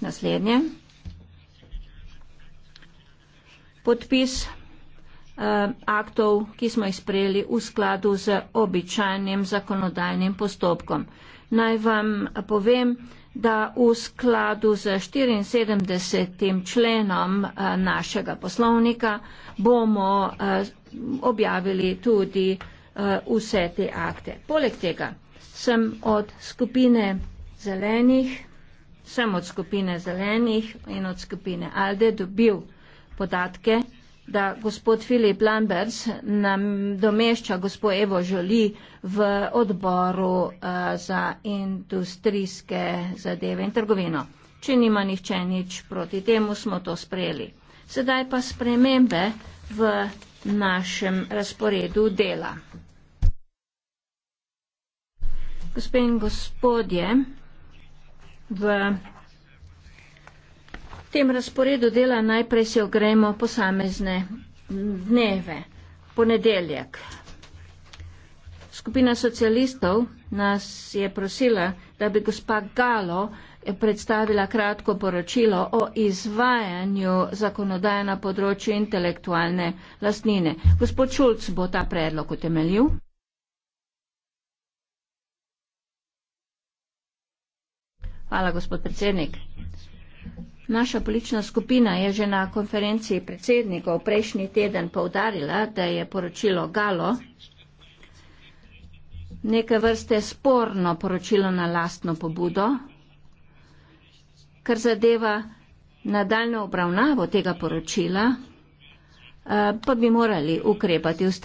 Naslednje. Podpis eh, aktov, ki smo jih sprejeli v skladu z običajnim zakonodajnim postopkom. Naj vam povem, da v skladu z 74. členom eh, našega poslovnika bomo eh, objavili tudi eh, vse te akte. Poleg tega sem od skupine zelenih sem od skupine zelenih in od skupine Alde dobil podatke, da gospod Filip Lamberts nam domešča gospod Evo Žoli v odboru eh, za industrijske zadeve in trgovino. Če nima nihče nič proti temu, smo to sprejeli. Sedaj pa spremembe v našem razporedu dela. Gospe in gospodje, V tem razporedu dela najprej se ogremo posamezne dneve. Ponedeljek. Skupina socialistov nas je prosila, da bi gospa Galo predstavila kratko poročilo o izvajanju zakonodaje na področju intelektualne lastnine. Gospod Šulc bo ta predlog utemeljil. Hvala, gospod predsednik. Naša politična skupina je že na konferenci predsednikov prejšnji teden povdarila, da je poročilo Galo neke vrste sporno poročilo na lastno pobudo, kar zadeva nadaljno obravnavo tega poročila, eh, pa bi morali ukrepati ustrezno.